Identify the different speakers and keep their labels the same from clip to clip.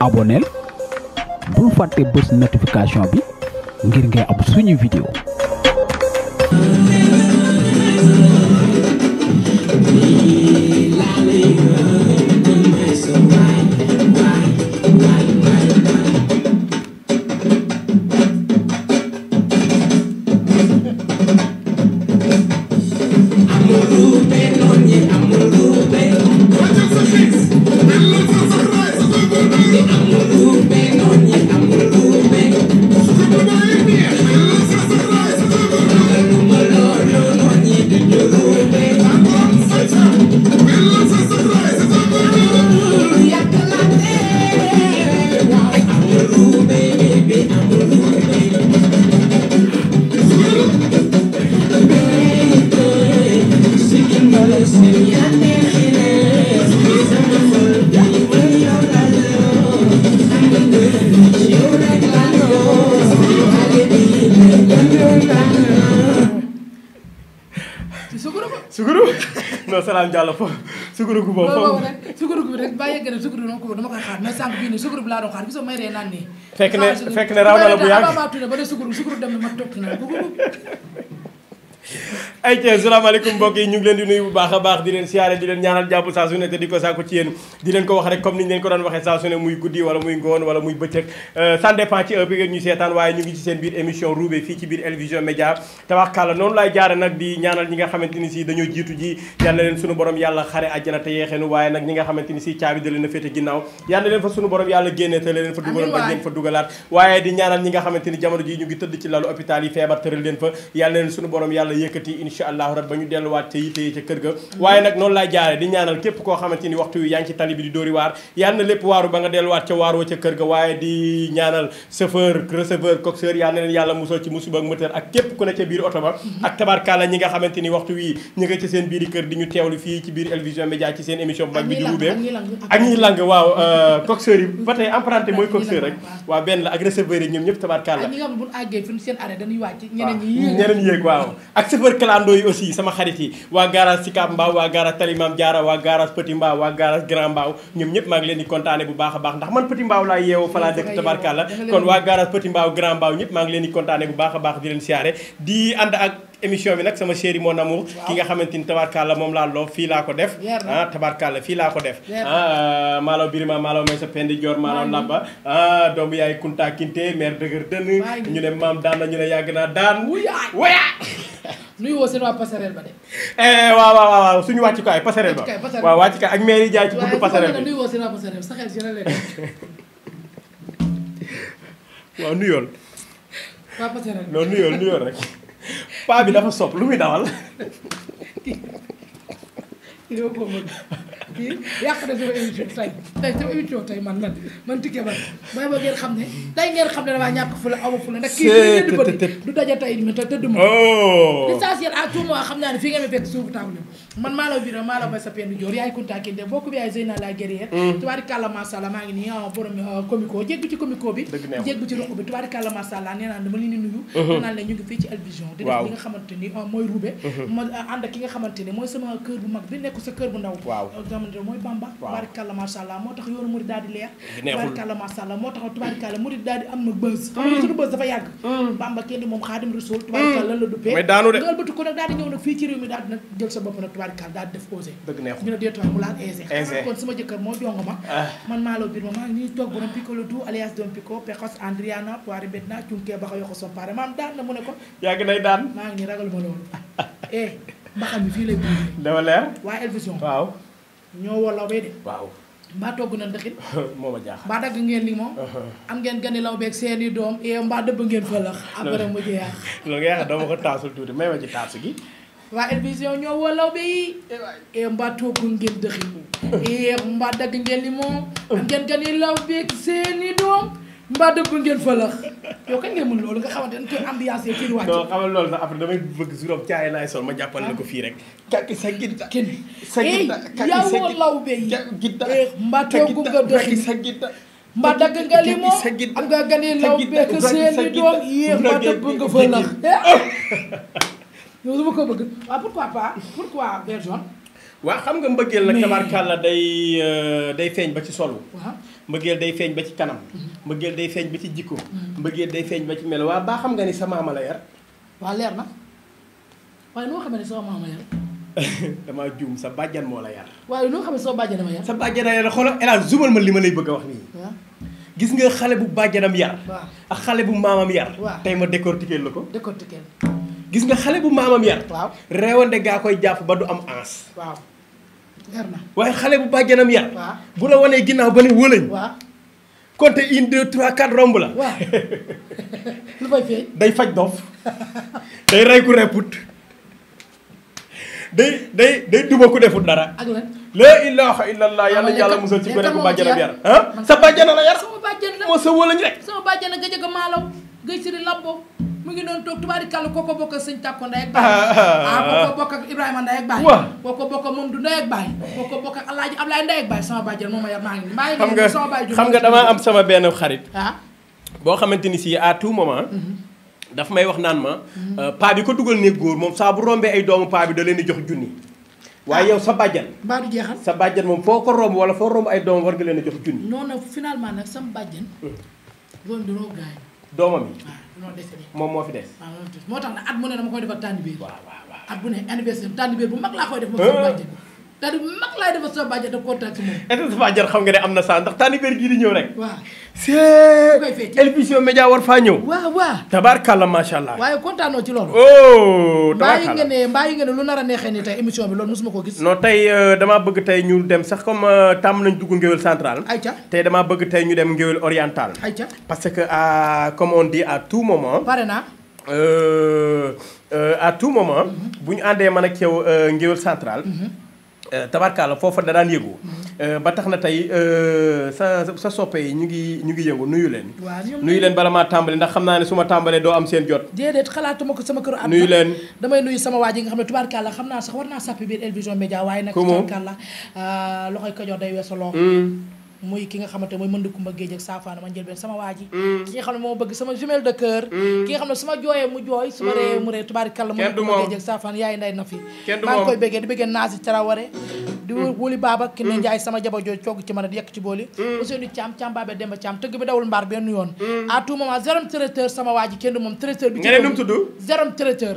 Speaker 1: aboneel bul fàtte bës notification bi ngir ngay am suñu vidéo
Speaker 2: Ibrahima Diallo foofu sukuru gu boobu. boobu
Speaker 1: rek sukuru bi rek bàyyi gën a sukuru bi dama koy xaar mais sànq bii nii sukuru bi laa doon xaar gisoo may ree naan nii. fekk
Speaker 2: ay tee salaamaaleykum mbokk yi ñu ngi leen di nuyu bu baax a baax di leen siyaare di leen ñaanal jàpp saa su te di ko saako ci yéen di leen ko wax rek comme ni ñu leen ko doon waxee saa su muy guddi wala muy ngoon wala muy bëccëg euh, ça dépend ci heure bi ñu seetaan waaye ñu ngi ci seen biir émission roube fii ci biir Elvision Média te wax kàlla noonu laay jaare nag di ñaanal ñi nga xamante si dañoo jiitu ji yàlla leen suñu borom yàlla xare a féete ginnaaw yàlla leen a yëkkati incha allahu rabbi ba ñu delluwaat te yitee ca kër ga waaye nag noonu laay jaare di ñaanal képp koo xamante ni waxtu yu yaa ngi ci tali bi di dóori waar yal na lépp waaru ba nga delluwaat ca waaroo ca kër ga waaye di ñaanal chauffeur receveur coxeur yal nga xamante ni waxtu wi ñi nga ci seen biiri kër di ñu teewlu fii ci biir Elvision Média ci seen émission bu mag bi di wubee waaw euh, ak bër clando yi aussi sama xarit yi wa garage sikam Mbao wa garage Talimam Diarra wa garage Petit mbaw wa garage Grand mbaw ñom ñep ma ngi leen di kontaane bu baaxa baax ndax man Petit mbaw la yeewoo fala dekk kon wa garage Petit mbaw Grand mbaw ñep ma ngi leen di kontaane bu baaxa baax di leen siaré di anda ak émission bi nak sama chéri mon amour ki nga xamanteni ni tabarkalla ko def ah tabarkalla fi la ko def ah, ah malo birima malo may sa pendi jor maalaw labba ah dom yaay Kunta Kinte mère deuguer deun ñu ne mam daan ñu ne daan wuya wuya
Speaker 1: nuyu woo seen waa passerelle ba de.
Speaker 2: Eh, waaw waaw waaw suñu wàccukaay passerelle
Speaker 1: ba waaw
Speaker 2: wàccukaay ak mairie jaay ci buntu passerelle bi waaye
Speaker 1: nuyu woo seen waa passerelle sa xel si la leen waaw nuyool. waa passerelle non nuyool nuyool
Speaker 2: rek paa bi dafa sopp lu muy dawal.
Speaker 1: kii dama ko mën kii yàq na sama émission tey tey sama émission tey man man man Tické Ba mooy ba ngeen xam ne tey ngeen xam ne damaa ñàkk fula aw ma fula ndax kii du daja nga xamante ni ah, mooy roube ma mm-hmm. ah, ànd ki nga xamante ni mooy sama kër bu mag bi nekk sa kër bu ndaw waaw xamante mooy Bamba la macha allah moo tax yoonu murid daal di leer tubaarikàlla macha allah moo tax tubaarikàlla murid daal di am na bës mm. xam nga suñu bës dafa mm. mm. la duppee mais moo jongo ma ah. man maa la biir daan na mu ne ko yàgg nay daan maa ngi ragalu ma loolu eh. mbaxal mi fii lay
Speaker 2: bindee. dama leer. waa El Vision. waaw ñoo wala bee de. waaw. mbaa togg na ndaxit. moo ma jaaxal mbaa dagg ngeen li moom.
Speaker 1: am ngeen gani law beeg seen i doom et eh, mbaa dëbb ngeen fëlax. après ma ci taasu gi. waa El Vision ñoo walaw eh, be eh, dagg ngeen li moom. am ngeen gani law beeg seen i doom. mbaa dëpp ngeen fëlax yow kañ ngay mën loolu nga xamante ne te ambiance
Speaker 2: yi kii wàcc non xamal loolu sax après damay bëgg juróom caay laay sol ma jàppal la ko fii rek kaki sa gidda kenn sa gidda eh, yaa woo
Speaker 1: law be yi gidda eh, mbaa toogu nga doxi sa gidda mbaa dagg nga li moom am nga gane law be que seen i doom yéex mbaa dëpp
Speaker 2: nga fëlax eh,
Speaker 1: ah. yow dama ko bëgg waaw ah, pourquoi pas pourquoi version
Speaker 2: waaw xam nga mbëggeel nag tabarkàlla day euh, day feeñ ba ci solu mbëggeel day feeñ ba ci kanam mm-hmm. mbëggeel day feeñ ba ci jikko mm-hmm. mbëggeel day feeñ ba ci melo waa baa xam nga ni sa maama la yar
Speaker 1: waa leer na waaye noo xam ne sama maama yar
Speaker 2: sa bàjjan moo la yar
Speaker 1: waaye noo xamee sama bàjjan dama sa bàjjan a yar
Speaker 2: xoolal El Hadj zubal ma li ma lay bëgg a wax nii gis nga xale bu bàjjanam yar ak xale bu maamam yar tey ma décortiquer la ko décortiquer gis nga xale bu maamam yar waaw reewande gaa koy jàpp ba du am ans waaw waaye xale bu bàjjanam yar bu la wanee ginnaaw ba ne wëlañ compter une deux trois quatre romb la waaw
Speaker 1: lu fay feeñ
Speaker 2: day faj dof day rey ku repput day day day duba ku defut dara ak lan laa ilaha illallah yàlla ah, yàlla musal ci gone bu bàjjanam yar ah sa bàjjana la yar
Speaker 1: moo sa wëlañ rek sama bàjjana gëj a ko maalaw gëj si di mu ngi doon toog tubaari kàll koo ko bokk sëñ tàkko ndey ak baay ah koo ko bokk ak Ibrahima ndey ak baay a yar maa sama baay xam nga damaa am
Speaker 2: sama benn xarit ah. boo xamante ni si à tout moment mhm. daf may wax naan ma mhm. euh, paa bi ko dugal néeg góor moom saa bu rombee ay doomu paa bi da leen di jox junni ah. waaye yow sa bàjjan baa jeexal sa bàjjan moom foo ko romb wala foo romb ay doom war nga leen a jox junni
Speaker 1: non non finalement nag sama bàjjan mm.
Speaker 2: doomam yi ah. moom moo fi des ah,
Speaker 1: moo tax nag at mu ne dama koy defal tànn biir at bu ne anniversaire tànn biir bu mag laa koy def ah. ma daal di mag laay defal sama bàjjar daf moom. est-ce
Speaker 2: que sa bàjjar nga ne am na saa ndax tànnibéer gii di ñëw rek. waaw c'est El Vision Médias war faa ñëw. waaw waaw tabaarkàlla macha allah.
Speaker 1: waaye kontaanoo ci loolu. oh tabaarkàlla mbaa yi nga ne mbaa yi nga lu nar a neexee ni tey émission bi loolu mosuma ko gis.
Speaker 2: noo tey euh, damaa bëgg tey ñu dem sax comme euh, tàmm nañ dugg Ngéwél central. ayca tey damaa bëgg tey ñu dem Ngéwél oriental. ayca parce que à comme on dit à tout moment. pare naa. Euh, à tout moment. Mm-hmm. bu ñu àndee man ak yow Ngéwél mm-hmm. Euh, tabarkaala foofa da daan yëngu. Mhm. Euh, ba tax na tey euh, sa sa soppe yi ñu ngi ñu ngi yëngu nuyu leen. nuyu leen bala maa tàmbali ndax xam naa ne suma ma tàmbalee doo am seen jot.
Speaker 1: déedéet xalaatuma ko sama këru am nuyu leen damay nuyu sama waa ji nga xam ne la xam naa sax war naa sàppi biir El Vision Médias waaye nag tubaarkàlla loxoy ko jox day weesaloo mm. muy ki nga xamante mooy mënd kumba géej ak saafaana ma njël benn sama waa mm. ki nga xam ne moo bëgg sama jumelle de cœur mm. ki nga xam ne su ma jooyee mu jooy su ma mm. ree mu ree tubaari kàlla na fi maa ngi koy béggee ki ne njaay sama jaba jooy coog ci mën a yekk ci booli monsieur ni caam caam baabee demba caam tëgg bi dawul mbaar benn yoon à tout moment zérom traiteur sama waa ji kenn du moom traiteur bi ci tudd zérom traiteur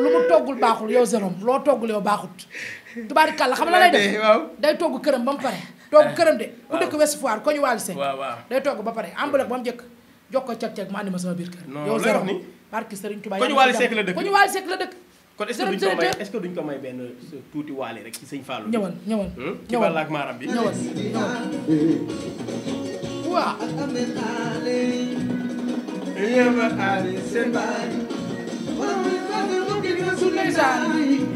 Speaker 1: lu mu toggul baaxul yow zérom loo toggul yow baaxut tubaarikàlla xam na lay def day togg këram ba mu pare togg këram de ku dëkk West Foire ko ñu wàllu seen day togg ba pare ambulek ba mu jëkk jox ko cag-cag ma andi ma sama biir kër yow zéro barki Serigne Touba ko ñu wàllu seen la dëkk kon est-ce que
Speaker 2: duñ euh, rek ci sëñ Fallou ñëwal ñëwal hmm? ci wàll ak maaram bi ñëwal ñëwal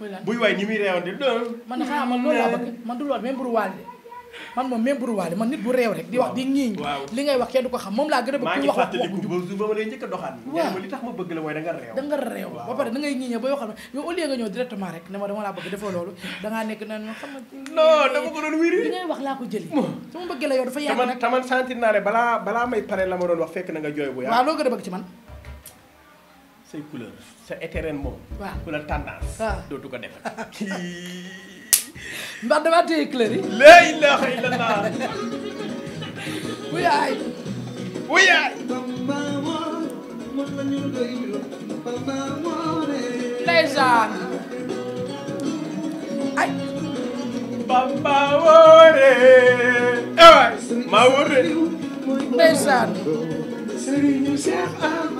Speaker 2: buy waay ni muy réewante
Speaker 1: man na xanaa man loolu laa bëgg man du loolu même buru man moom même buru man nit bu réew rek di wax di ñiiñ li ngay wax kenn du ko xam moom laa gën a bëgg kuy wax wax bu
Speaker 2: jub ba ma lay njëkk a doxaat waaw li tax xam ma
Speaker 1: loolu da ko doon wiri li ngay wax laa ko jëli sama bëgg la yow dafa yàgg
Speaker 2: taman sentir naa balaa balaa may pare la ma doon wax fekk na nga jooy bu yaa waaw loo gën a bëgg ci man say couleur sa étérène moom. waaw couleur tendance. waaw dootu ko def.
Speaker 1: ndax damaa téye
Speaker 2: couleur yi. laa ilaaha illallaah. wuyaay. wuyaay. ndeysaan. ay. bamba woore. eh waay. maa woore.
Speaker 1: ndeysaan. sëriñu
Speaker 2: Cheikh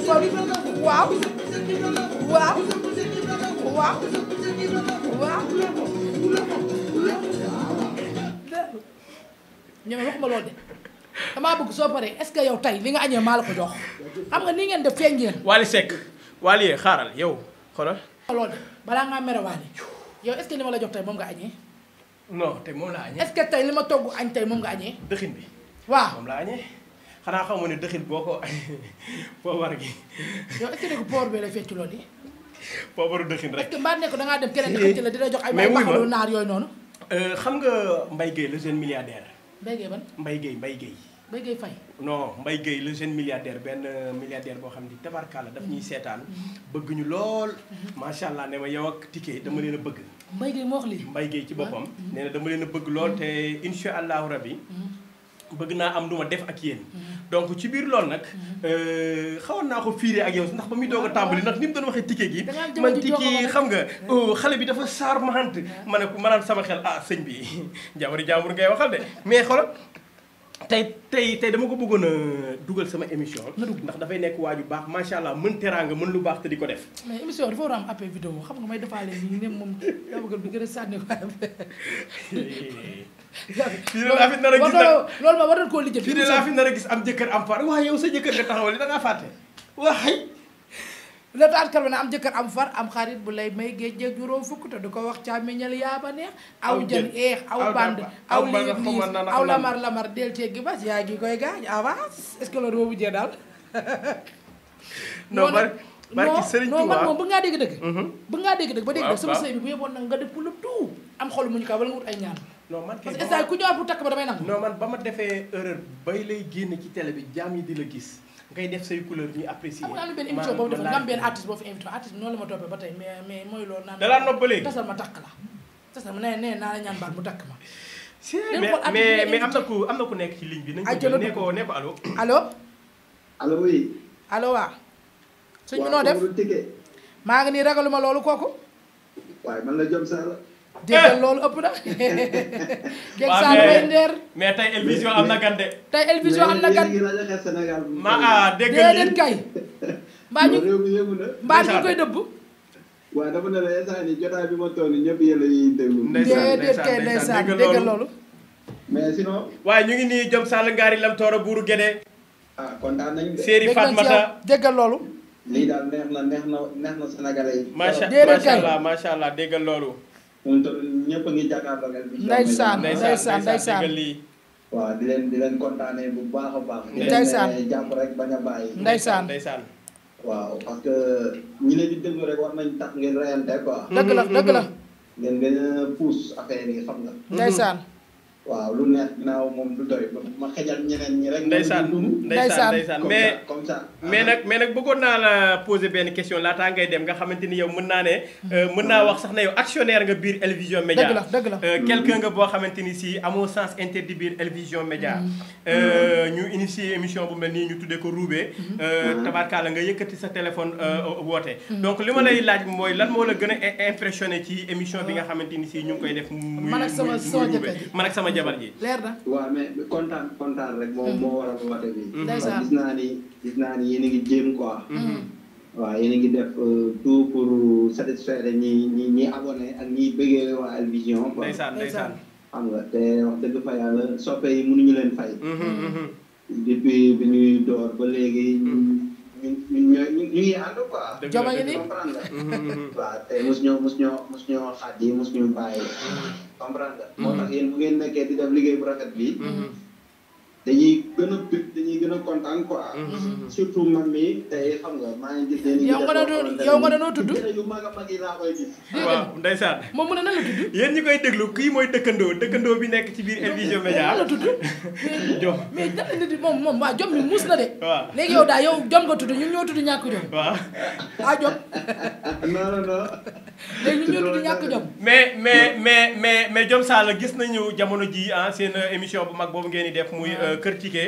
Speaker 1: waaw waaw waaw waaw ñoom wax ma loolu de damaa bëgg soo paree est-ce que yow tey li nga añee maa la ko jox xam nga ni ngeen def feeñ ngeen
Speaker 2: Wally Seck Wally yee xaaral yow xoolal
Speaker 1: loolu de balaa ngaa mere Wally yow est-ce que
Speaker 2: li bi waaw xanaa xaw xamu ne dëxin boo ko poobar gi. yow est-ce que
Speaker 1: dëgg poobar bee lay rek. est-ce que mbaa nekk da ngaa dem keneen dëxante la dina jox ay. mais wuy naar yooyu noonu.
Speaker 2: Euh, xam nga Mbaye Gueye le jeune milliardaire. Mbaye Gueye ban Mbaye Gueye Mbaye Gueye. non Mbaye Gueye le jeune milliardaire benn euh, milliardaire boo xam ni tabarkalla daf ñuy mhm. seetaan. Mhm. bëgg ñu lool. macha allah ne ma yow ak Tické dama leen bëgg. mbay Gueye moo wax lii. Mbaye Gueye ci boppam. Mhm. nee na dama leen a bëgg lool te incha allahu bëgg naa am lu ma def ak yéen. Mm-hmm. donc ci biir loolu nag. Mm-hmm. Euh, xawoon naa ko fiiree ak yow ndax ba muy doog a ah. tàmbali ndax ni mu doon waxee gi. man ticket xam nga oh, xale bi dafa saar ma xant mm-hmm. ma ne ko ma sama xel ah sëñ bi jàmbur jàmbur ngay waxal de mais xoolal. tey tey tey dama ko bëggoon a dugal sama émission. ndax dafay nekk waa ju baax macha allah mën teraanga mën lu baax te di ko def.
Speaker 1: mais émission dafa war a am appel vidéo xam nga may defaale nii ne moom daa bëgg di a ko affaire.
Speaker 2: fii de laa fi nar a gis nag
Speaker 1: loolu ma war nañu koo lijjati. fii de laa fi
Speaker 2: nar a gis am jëkkër am far waaye yow sa jëkkër nga taxawal da ngaa fàtte waaye.
Speaker 1: la daan kar wana am jëkkër am far am xarit bu lay may géej jéeg juróom fukk te du ko wax càmmiñal yaaba neex aw jën eex aw band aw liir liir aw lamar lamar del ceeg gi bas yaa ngi koy gaañ avance est-ce que loolu boobu jee daal non bar barki Serigne Touba non man bu nga dégg dëgg mhm. bu nga dégg dëgg ba dégg sama sëy bi bu yeboon nag nga def pour le tout am xolu muñu ka wala nga wut ay ñaan non man parce que ku ñëwaat bu takk ba damay nangu
Speaker 2: non man ba ma defee erreur bay lay génn ci télé bi jaam yi di la gis ngay def say couleur ñuy apprécier. am na benn émission boobu dafa am benn
Speaker 1: artiste boo fi invité artiste noonu la ma toppee ba tey mais mais mooy loolu. naan da laa nopp ba léegi tasal ma takk la tasal ma nee nee naa la ñaan baat mu takk ma.
Speaker 2: si mais mais mais am na ku am na ku nekk ci ligne bi. nañu ko ne
Speaker 3: ko ne ko allo. allo.
Speaker 1: allo oui. noo def waaw maa ngi nii ragaluma loolu kooku.
Speaker 3: waaye man la Jom Sarr. dégg eh. loolu ëpp na.
Speaker 1: Kër Saalum
Speaker 3: mais tey El am na gan de.
Speaker 2: tey El Vision am na
Speaker 3: gan ma ah dégg nga déedéet kay. ñu mbaa ne la instant nii la ñuy déglu. ndeysaan ndeysaan kay ndeysaan dégg loolu. mais sinon. waaye ñu ngi nii Jom Sall ngaari lam toora buuru Gédé.
Speaker 2: ah kontaan nañu
Speaker 3: déggal loolu. lii daal neex macha allah macha allah déggal loolu. moom tamit ñëpp a ngi jàkkaarloo ak émission. ndeysaan ndeysaan ndeysaan waaw di leen di leen kontaanee bu baax a baax. ndeysaan di leen jàpp rek bañ a bàyyi. ndeysaan ndeysaan. waaw parce que ñu leen di déglu rek war nañ tax ngeen reyante quoi. dëgg la dëgg la. ngeen gën a pousse affaire yi xam nga. saan waaw lu neex naaw moom lu du doy ma xejal ñeneen ñi
Speaker 2: rek. ndeysaan ndeysaan ndeysaan mais comme mais ah. nag mais nag bëggoon naa la poser benn question laataa ngay dem nga xamante ni yow mën naa ne. Euh, mën naa wax sax ne yow actionnaire nga biir Elvision Média. dëgg la dëgg la euh, nga boo xamante ni si amoo sens interdit biir Elvision Média. Mm-hmm. Euh, ñu initier émission bu mel nii ñu tuddee ko Roubé. Mm-hmm. Mm-hmm. tabarkaala nga yëkkati sa téléphone woote. donc li ma laaj mooy lan moo la gën a impressionné ci émission bi nga xamante ni si ñu ngi koy def.
Speaker 3: sama sama jabar ji leer na waaw mais kontaan kontaan rek moo moo waral woote bi ndeysaan gis naa ni gis naa ni yéen a ngi jéem quoi mm-hmm. waaw yéen a ngi def euh, tout pour satisfaire ñi ñi ñi abonné ak ñi bëggee waa El Vision quoi ndeysaan ndeysaan xam nga te wax dëgg fa yàlla soppe yi mënuñu leen fay mm-hmm, mm-hmm. depuis bi ñuy door ba léegi ini anu pak coba ini hmm, hmm, hmm. teh musnyo musnyo musnyo hadi musnyo baik pamperan nggak mau mungkin kayak tidak beli kayak berangkat bi dañuy gën a dañuy gën a kontaan ko mm-hmm, mm-hmm. surtout man xam nga maa ngi gis. dañuy yow nga doon yow
Speaker 1: nga doon tudd. yu mag a mag yi moom mu ne nan la
Speaker 2: tudd. yéen ñi koy déglu kii mooy dëkkandoo dëkkandoo bi nekk ci biir El Vision Médias. nan la tudd jom mais
Speaker 1: jom moom moom waaw jom mi muus na de. waaw léegi yow daal yow jom nga tudd ñun ñoo tudd ñàkk jom. waaw ah jom.
Speaker 2: non non non. léegi ñun ñoo tudd ñàkk jom. mais mais mais mais mais Diome Sall gis nañu jamono ji ah seen émission bu mag boobu ngeen di Euh, kër Tike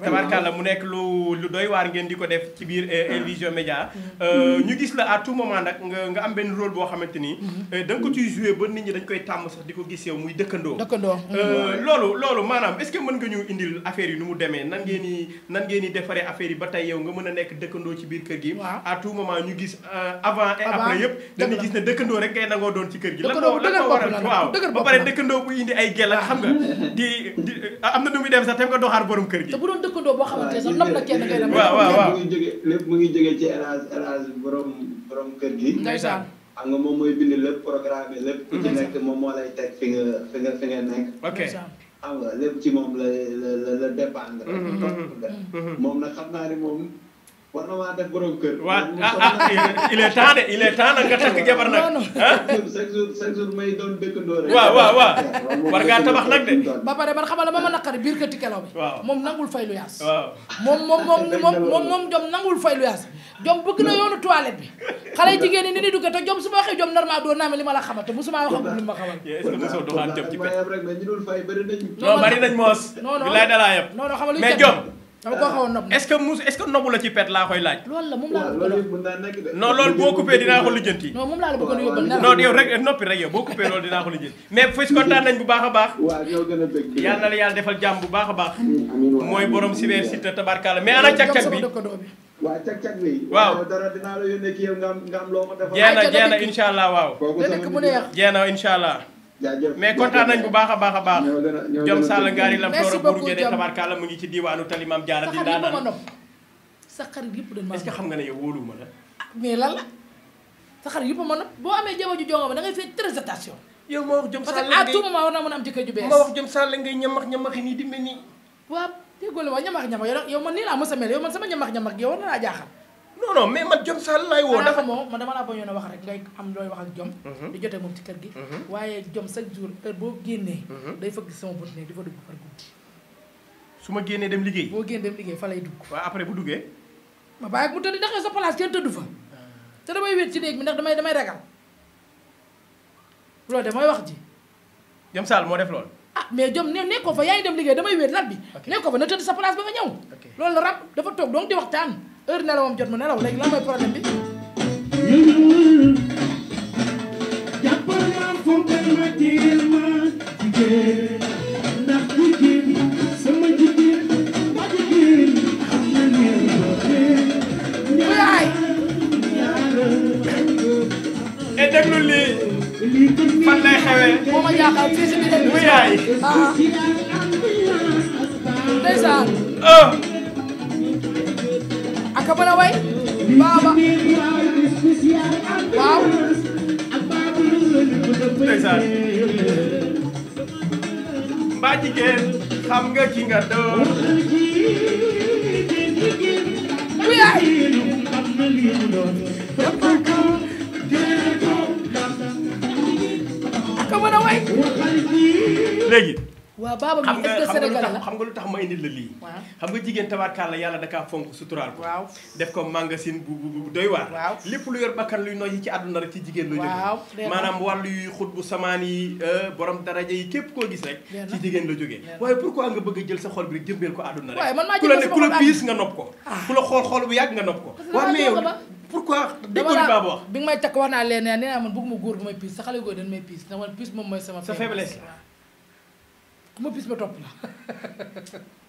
Speaker 2: tabarkàlla mu nekk lu lu doy waar ngeen di ko def ci biir euh, Elvision Média mm-hmm. euh, ñu gis la à tout moment nag nga am benn rôle boo xamante ni mm-hmm. da ko ciy joué ba nit ñi dañ koy tàmm sax di ko gis yow muy dëkkandoo dëkkandoo loolu loolu maanaam est-ce mën nga ñu indil affaire yi nu mu demee nan ngeen di nan ngeen di defaree affaire yi ba tey yow nga mën a nekk dëkkandoo ci biir kër gi à tout moment ñu gis avant et après yëpp dañuy gis ne dëkkandoo rek ngay doon ci kër gi lan ko lan ko waral waaw ba ah, na nu do har borom keur gi te bu
Speaker 1: doon dëkkandoo boo xamante ne sax nopp la kenn ngay
Speaker 3: dem waaw waaw waaw mu ngi jóge lépp mu ngi joge ci élage élage borom borom keur gi ndaysan xam nga mom moy bind lepp programme lepp ku ci nek mom mo lay tek fi nga fi nga fi nga nek ok xam nga lepp ci mom la la la dépendre mom na xamna ni mom war a maa def borom kër. waaw ah ah il est temps de il est temps nag nga takk jabar nag. Ah? chaque jour chaque jour may doon dëkkandoo rek. waaw war ngaa tabax nag de.
Speaker 1: ba pare man xamal la ma ma naqari biir kër ci kelaw bi. waaw moom nangul fay lu yaas. waaw moom moom moom moom moom jom nangul fay lu yaas. jom bëgg na yoonu bi xale jigéen ñi ni ni duggee te jom su ma waxee jom normal doo naa li ma la xamal te musuma wax ak li ma xamal.
Speaker 2: est-ce que mosoo doxaan jom ci pet. non bari nañ moos. non dalaa yëpp. non jom dama est-ce que mu la ci pet laa koy laaj.
Speaker 1: loolu
Speaker 2: loolu boo coupé dinaa ko lijjanti.
Speaker 1: non yow
Speaker 2: rek noppi rek yow boo coupé loolu dinaa ko lijjanti mais fii si kontaan nañ bu baax a baax. waaw yow a bëgg. yal na la yàlla defal jàmm bu baax a baax. mooy borom si weer si tabarkaala mais ana cag-cag bi
Speaker 3: waaw cag-cag bi. jeena jeena
Speaker 2: incha waaw. jeena incha mais kontaan nañ bu baax a baax a baax jom sàll ngaari lam toora buru gene tabarkala mu ngi ci talimam jaara di daanaan sa xarit yëpp dañ ma est-ce xam nga ne yow wóoluwuma la
Speaker 1: ah, mais lan la sa xarit yëpp ma nopp boo amee jabar ju jongama da ngay fay très attention yow ma wax jom sàll ngay à tout moment war am ju wax
Speaker 2: jom ngay ñamax ñamax di
Speaker 1: ñamax ñamax yow man mel yow man sama ñamax ñamax yow na jaaxal
Speaker 2: non mais man Jom Sall laay woo.
Speaker 1: dafa moo man dama laa bañoon a wax rek ngay am looy wax ak Jom. Mhm. di jotee moom ci kër gi. Mhm. waaye Jom boo génnee. Mhm. day fëgg sama bët ne di fa dugg
Speaker 2: ma génnee dem liggéey.
Speaker 1: boo génnee liggéey fa lay dugg.
Speaker 2: waaw après bu duggee.
Speaker 1: ma bàyyi ak mu tëdd sa place kenn tëddu fa. Ah. te damay wéet ci néeg bi damay damay ragal. loolu de wax ji.
Speaker 2: Jom Sall moo def loolu.
Speaker 1: ah mais Jom ne nekkoo fa yaa ngi dem bi. nekkoo fa na tëdd sa place ba nga ñëw. loolu la rab dafa toog donc di waxtaan. heure nelawam jot mu nelaw léegi lan mooy problème bi.
Speaker 2: et eh, déglu lii fan lay xewee. moo ma jaaxal fii si biir. muy yaay. ah. ndeysaan. Oh.
Speaker 1: ka a way baaba
Speaker 2: waaw ndeysaan mbaa jigéen xam nga ki nga doon ku yaay a waaw baba mi est-ce que sénégalais la xam nga lu tax ma indil la lii xam nga jigéen tabarkàlla yàlla dakaa fonk suturaal ko def ko magasin bu bu doy waar waaw lu yor bakkan luy noyyi ci àdduna rek ci jigéen la jógee maanaam wàllu yu xut bu samaan yi euh, borom daraja yi képp koo gis rek ci jigéen la jógee waaye pourquoi nga bëgg a jël sa xol bi rek jëmbeel ko àdduna rek ku la ne ku la piis nga nopp ko ah. ku la xool xool bu yàgg nga nopp ko waaw mais pourquoi déggoo li baba wax
Speaker 1: may takk wax naa leen nee naa man bëgguma bu may piis sa xale góor dañ may piis dama piis moom mooy sama faiblesse ku ma bis ma topp la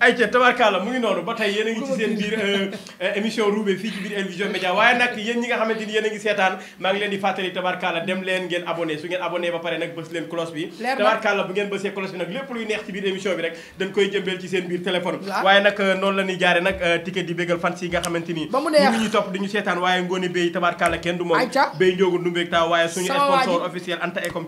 Speaker 2: ayca tabarkaala mu ngi noonu ba tey yéen a ngi ci seen biir euh, euh, émission roube fii ci biir El Vision Médias waaye nag yéen ñi nga xamante ni yéen a ngi seetaan maa di fàttali tabarkaala dem leen ngeen abonné su ngeen abonné ba pare nag bës leen cloche bi tabarkaala bu ngeen bësee cloche bi nag lépp luy neex ci biir émission bi rek dañ koy jëmbeel ci seen biir téléphone waaye nag euh, noonu la ñuy jaare nag ticket di bégal fans nga xamante ni ñu ñu topp di ñu seetaan waaye ngoone béy tabarkaala kenn du moom béy njoogu ndumbeeg taa waaye suñu sponsor officiel Anta Ecom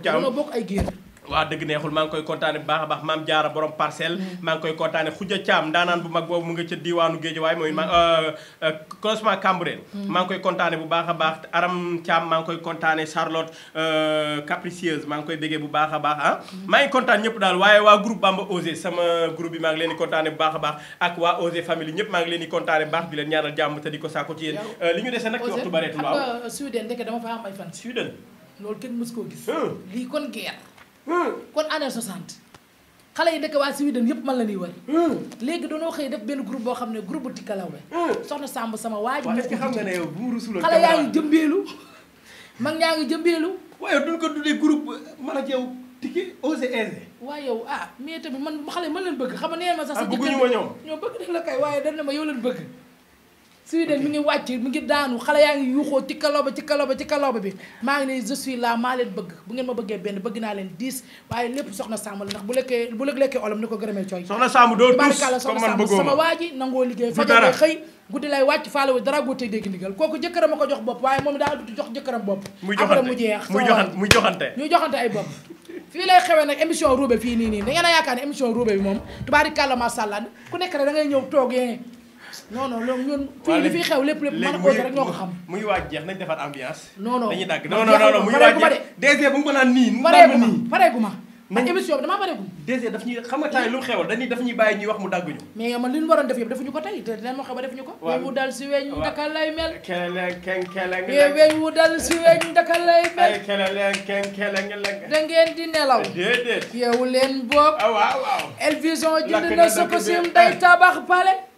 Speaker 2: waaw dëgg neexul maa ngi koy kontaane bu baax a baax maam jaara borom parcelle mm. maa ngi koy kontaane xuja caam ndaanaan bu mag boobu mu nga ca diwaanu Géejawaay mooy mm. ma euh, euh, croisement Cambérène mm. maa ngi koy kontaane bu baax a baax aram caam maa ngi koy kontaane Charlotte euh, capricieuse maa ngi koy béggee bu baax a baax ah maa ngi kontaan ñëpp daal waaye waa groupe Bamba Osé sama groupe bi maa ngi leen di kontaane bu baax a baax ak waa Osé famille ñëpp maa ngi leen di kontaane bu baax bi leen ñaanal jàmm te di ko sàkku ci yéen li ñu dese nag ci waxtu
Speaker 1: loolu kenn mës koo gis kon guerre Hmm. kon année 60 xale yi dëkk waa Suweden yëpp man la nii wër. Hmm. léegi dañoo xëy def benn groupe boo xam ne groupe bu Tika Lawbe. Hmm. soxna Samb sama waaj. waaw est-ce que xam nga ne yow buuru Sula. xale yaa ngi jëmbeelu mag ñaa ngi jëmbeelu. waaye duñ ko tuddee groupe man ak yow Tiki Ose Eze. waaye yow ah mais tamit man xale man leen bëgg xam nga nee ma sax. sa ah, jëkkër ah bëgguñu ma ñoom. ñoom bëgg nañ la kay waaye dañ ne ma yow leen bëgg. Suidène mi ngi wàcc mi ngi daanu xale yaa ngi yuuxoo ci kalooba ci kalooba bi maa ngi ne je suis là maa leen bëgg bu ngeen ma bëggee benn bëgg naa leen dix waaye lépp soxna Samb la ndax bu lekkee bu lekkee olam ni ko gërëmee cooy soxna Samb doo tuus comme man bëggoo sama waa ji nangoo liggéey fajalay xëy guddi lay wàcc faalawu dara góotee dégg ndigal kooku jëkkëram a jox bopp waaye moom daa jox jëkkëram bopp muy joxante mu joxante ñuy joxante ay bopp fii a yaakaar ne émission roube non non loolu ñun fii li fi xew lépp lépp mën a rek
Speaker 2: ñoo ko xam muy waaj jeex nañ defar ambiance non non dañuy dàgg non non non muy ma pareegu ma man émission lu xewal dañuy daf ñuy
Speaker 1: ñu waroon def yëpp defuñu ko tey te dinañ ma ko weñ wu dal si weñ ndaka lay mel
Speaker 2: kelele ken keleng weñ
Speaker 1: wu dal si da ngeen di nelaw déedéet yeewu leen boog ah, waaw day tabax pale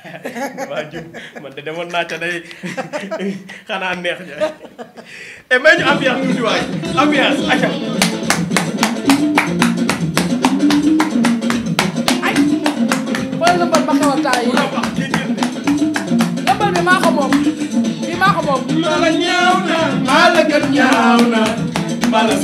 Speaker 2: waa jub man de demoon naa ca day xanaa neex ja e may ñu ambiance tuuti waay ambiance aca
Speaker 1: ay wala lëmbal ba xew a taay bi maa ko moom bi maa ko moom maa la ñaaw na
Speaker 2: maa la gën ñaaw na maa la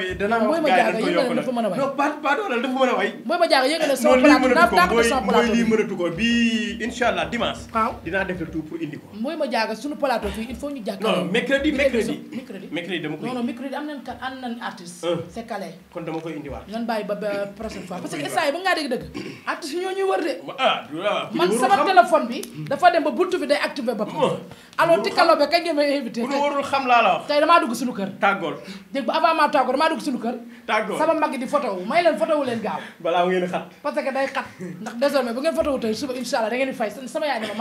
Speaker 2: temps bi dana mooy ma jaaga yëngal na dafa mën a way baat baat wala dafa mën a way
Speaker 1: mooy ma jaaga yëngal na sama plateau naa tàkk sama plateau mooy lii
Speaker 2: mënatu ko bi incha allah dimanche waaw dinaa def le tout pour indi ko
Speaker 1: mooy ma jaaga suñu plateau fii il faut ñu
Speaker 2: jàkk non mercredi mercredi mercredi dama koy non non
Speaker 1: mercredi am nañ kan am nañ artiste c'est calé
Speaker 2: kon dama koy indi waat
Speaker 1: nan bàyyi ba prochaine fois parce que instant yi ba ngaa dégg dëgg artiste ñoo ñuy wër de
Speaker 2: ah, man sama
Speaker 1: téléphone bi hmm. dafa dem ba buntu bi day activé ba hmm. alors Tika Lobé kañ ngeen may invité warul xam laa la wax tey damaa dugg suñu kër tàggool dégg ba avant maa tàggoo damaa dugg suñu kër may leen photo man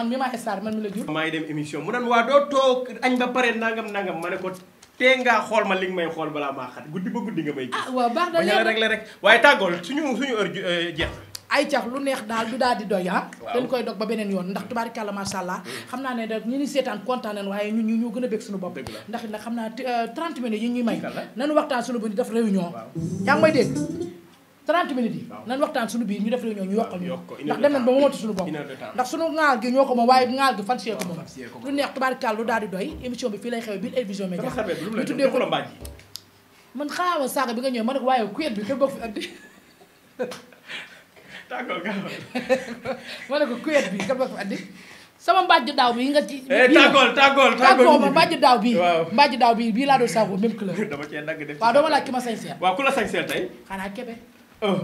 Speaker 1: mi la jur
Speaker 2: maa dem émission mu naan waa doo toog añ ba pare nangam nangam ma ne ko tee ngaa xool ma li xool balaa maa xat guddi ba guddi nga may gis
Speaker 1: ah baax na rek la
Speaker 2: rek waaye tàggool suñu suñu euh, jeex
Speaker 1: ay cax lu neex dal du dal di doy ah dañ koy dog ba benen yoon ndax ma sha allah hmm. xamna ne da ñi ni sétane contane nañ waaye ñun ñu gëna gën suñu bop ndax na xamna 30 minutes yi ñuy may kan nañu waxtaan suñu bu def réunion yaa ngi may dégg 30 minutes yi nan waxtaan suñu bi ñu def réunion ñu yokal ndax dem nañ ba moomati suñu bop ndax suñu ngaal gi ñoko ma waye ngaal gi fan see ko moom lu neex tubaarikàlla lu dal di doy émission bi fi lay xew biir El Vision Médias ñu tuddee ko man xawa saaga bi nga ñëw man ne waye waaye kuyet bi kenn bok fi andi tàggoo gaaw ma ne ko kuyet bi kan ma ko andi sama mbàjj daaw bi nga ci. Eh, tàggool tàggool tàggool ma mbàjj daaw bi mbàjj daaw bi bii laa doon saako même couleur.
Speaker 2: dama cee nag def waaw dama laaj ki ma sañseel. waaw ku la sañseel tey. xanaa kebe. Oh.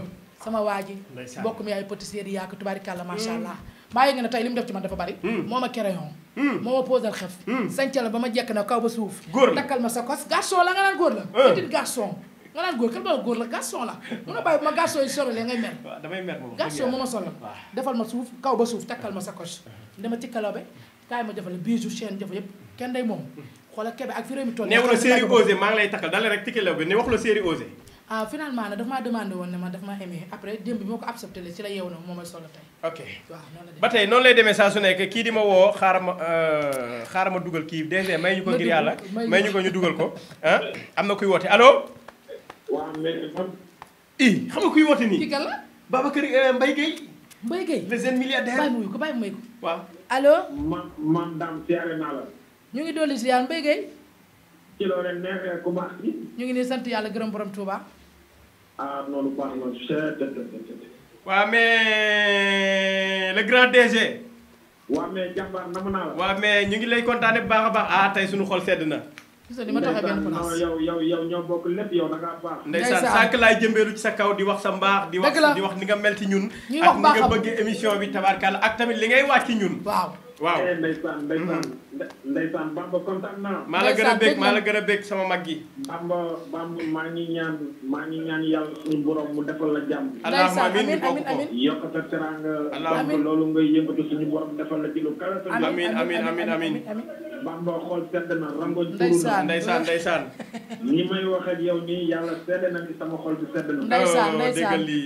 Speaker 1: sama waa ji. bokk mi ay pâtissier yi yaa ko tubaarikàlla hmm. macha allah. maa yëg ne tey li mu def ci man dafa bari. Hmm. moo ma crayon. Hmm. moo ma posal xef. sañseel ba ma jekk na kaw ba suuf. góor la takkal ma sa kos garçon la nga naan góor la. Oh. petit garçon. nga naan góor kan ba la góor ma garçon yi sorolee ngay mer damay mer moom suuf kaw ba suuf takkal ma uh-huh. ci kalabe kaay ma defal la bijou chaîne kenn day moom xoolal kebe ak fi réew maa
Speaker 2: ngi lay takkal dala rek tikki law bi ne wax la série osé
Speaker 1: ah finalement nag daf maa demandé woon ne ma daf ma aimé après démb bi moo ko accepté la ci la yeew na moom la solo tey
Speaker 2: ok ba noonu lay demee saa su nekk kii di ma woo xaaral ma euh, xaaral ma dugal kii de may ñu ko ngir yàlla may ñu ñu dugal ko ah am na kuy woote allo waa mais fan. i xam nga kuy woote nii. kii kan la Babacar eh, Mbaye Gueye. Mbaye Gueye
Speaker 3: ma
Speaker 1: ñu ngi dolli siyaar Mbaye eh, ñu ngi nii sant yàlla gërëm borom Touba.
Speaker 2: ah noonu baax na c'est waaw mais le grand DG. waaw mais la. waaw mais ñu ngi lay kontaane baax a baax ah tey suñu xol sedd na.
Speaker 1: yow
Speaker 2: yow yow ñoo bokk lépp yow da ngaa baax ci sa kaw di wax sa mbaax di wax di wax ni nga mel ci ñun ak ni nga bëgg émission bi tabarkalla ak tamit li ngay wàcc ñun waaw waaw eh, ndeysaan ndeysaan mhm. ndeysaan Bamba kontaan
Speaker 3: naa. maa la gën a bég maa la
Speaker 2: gën a bég sama mag yi. Bamba Bamba maa ngi ñaan maa ngi ñaan yàlla suñu borom mu defal la jàmm. allahumma amiin amiin amiin yokk sa teraanga. allahumma loolu ngay yëngatu suñu borom defal la kilo lu kawe. amiin amiin amiin
Speaker 3: Bamba xool sedd na rango tuuru na ndeysaan ndeysaan. ni may wax ak yow nii yàlla sedd na ci sama xol bi sedd na. ndeysaan oh, ndeysaan déggal lii.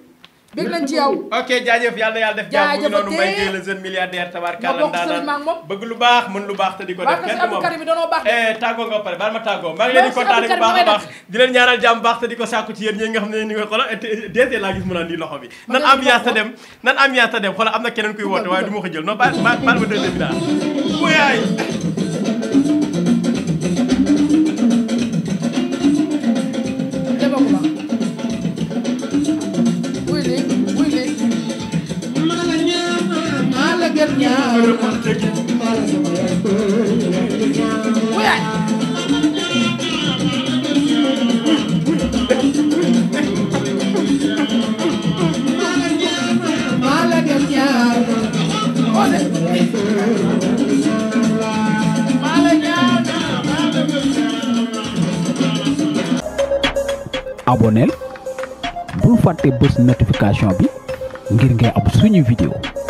Speaker 1: dégg nañ ci yow
Speaker 2: ok jaajëf yàlla yàlla def jàmm noonu may tey le jeune milliardaire tabarkalla ndaanaan bëgg lu baax mën lu baax te ko def kenn eh, tàggoo nga pare baal tàggoo maa ngi leen di kontaane baax a baax di leen ñaanal jàmm baax te ko sàkku ci yéen ñi nga xam ne ni nga xoolal eh, eh, dèjà laa gis mu naan nii loxo bi nan ambiance ta dem nan ambiance ta dem xoolal am na keneen kuy woote waaye du ma ko jël non baal ma dëgg bi daal
Speaker 1: te bës notification bi ngir ngay am suñu vidéo